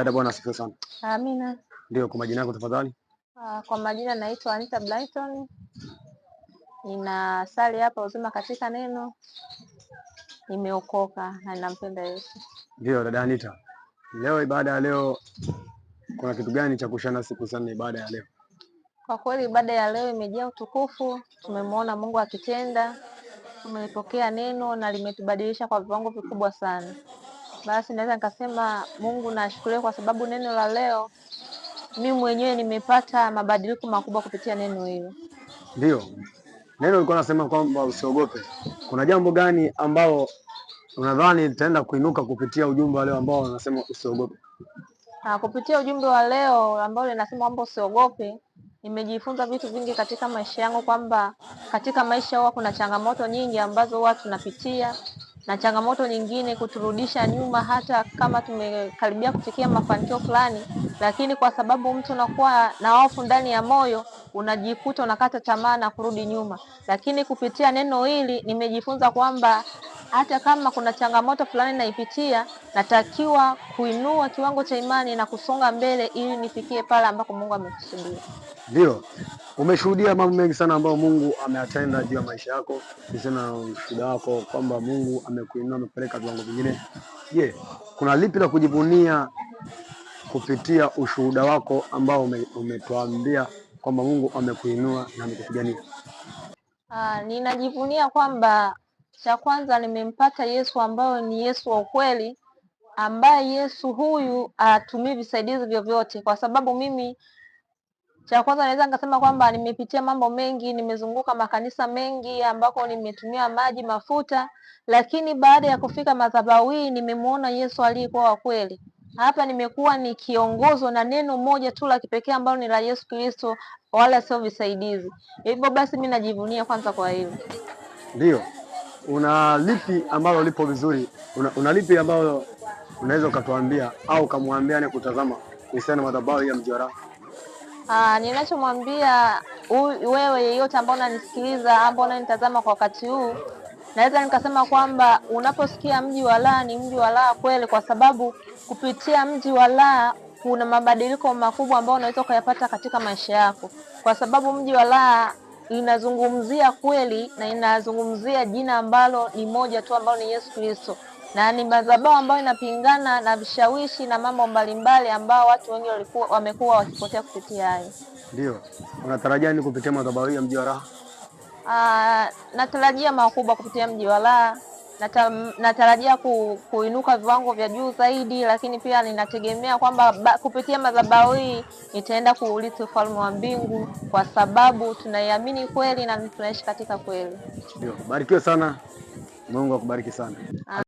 Dada bwana asifiwe sana. Amina. Ndio, kwa majina yako tafadhali. Ah, kwa majina naitwa Anita Brighton, nina sali hapa uzima katika neno, nimeokoka na ninampenda Yesu. Ndio dada Anita, leo ibada ya leo kuna kitu gani cha kushana siku sana ibada ya leo? Kwa kweli ibada ya leo imejaa utukufu, tumemwona Mungu akitenda, tumelipokea neno na limetubadilisha kwa viwango vikubwa sana basi naweza nikasema Mungu nashukuriwa kwa sababu neno la leo mimi mwenyewe nimepata mabadiliko makubwa kupitia neno hilo. Ndio neno ulikuwa nasema kwamba usiogope. Kuna jambo gani ambao unadhani litaenda kuinuka kupitia ujumbe wa leo ambao unasema usiogope? Ha, ah, kupitia ujumbe wa leo ambao linasema kwamba usiogope, nimejifunza vitu vingi katika maisha yangu, kwamba katika maisha huwa kuna changamoto nyingi ambazo huwa tunapitia na changamoto nyingine kuturudisha nyuma, hata kama tumekaribia kufikia mafanikio fulani, lakini kwa sababu mtu unakuwa na hofu ndani ya moyo, unajikuta unakata tamaa na kurudi nyuma. Lakini kupitia neno hili nimejifunza kwamba hata kama kuna changamoto fulani naipitia, natakiwa kuinua kiwango cha imani na kusonga mbele ili nifikie pale ambako Mungu amekusudia. Ndio umeshuhudia mambo mengi sana ambayo Mungu ameyatenda juu ya maisha yako, niseme na ushuhuda wako kwamba Mungu amekuinua, amepeleka viwango vingine. Je, kuna lipi la kujivunia kupitia ushuhuda wako ambao umetuambia kwamba Mungu amekuinua na amekupigania? Ah, ninajivunia kwamba cha kwanza nimempata Yesu ambayo ni Yesu wa ukweli, ambaye Yesu huyu atumii visaidizi vyovyote, kwa sababu mimi cha kwanza naweza nikasema kwamba nimepitia mambo mengi, nimezunguka makanisa mengi ambako nimetumia maji, mafuta, lakini baada ya kufika madhabahu hii nimemuona Yesu aliyekuwa wa kweli. Hapa nimekuwa nikiongozwa na neno moja tu la kipekee ambalo ni la Yesu Kristo, wala sio visaidizi. Hivyo basi, mi najivunia kwanza kwa hilo, ndio una lipi ambalo lipo vizuri? Una, una lipi ambalo unaweza ukatuambia au ukamwambia ni kutazama kuhusiana na madhabahu ya Mjora? Ah, ninachomwambia wewe yeyote ambao unanisikiliza ambao unanitazama kwa wakati huu, naweza nikasema kwamba unaposikia mji wa laa ni mji wa laa kweli, kwa sababu kupitia mji wa laa kuna mabadiliko makubwa ambayo unaweza ukayapata katika maisha yako, kwa sababu mji wa laa inazungumzia kweli na inazungumzia jina ambalo ni moja tu ambalo ni Yesu Kristo, na ni madhabahu ambayo inapingana na vishawishi na mambo mbalimbali ambao watu wengi walikuwa wamekuwa wakipotea kupitia hayo. Ndio unatarajia ni kupitia madhabahu ya mji wa raha? Ah, natarajia makubwa kupitia mji wa raha Nata, natarajia ku, kuinuka viwango vya juu zaidi, lakini pia ninategemea kwamba kupitia madhabahu hii nitaenda kuurithi ufalme wa mbingu, kwa sababu tunaiamini kweli na tunaishi katika kweli. Ndio, barikiwe sana. Mungu akubariki sana. Amen. Ah.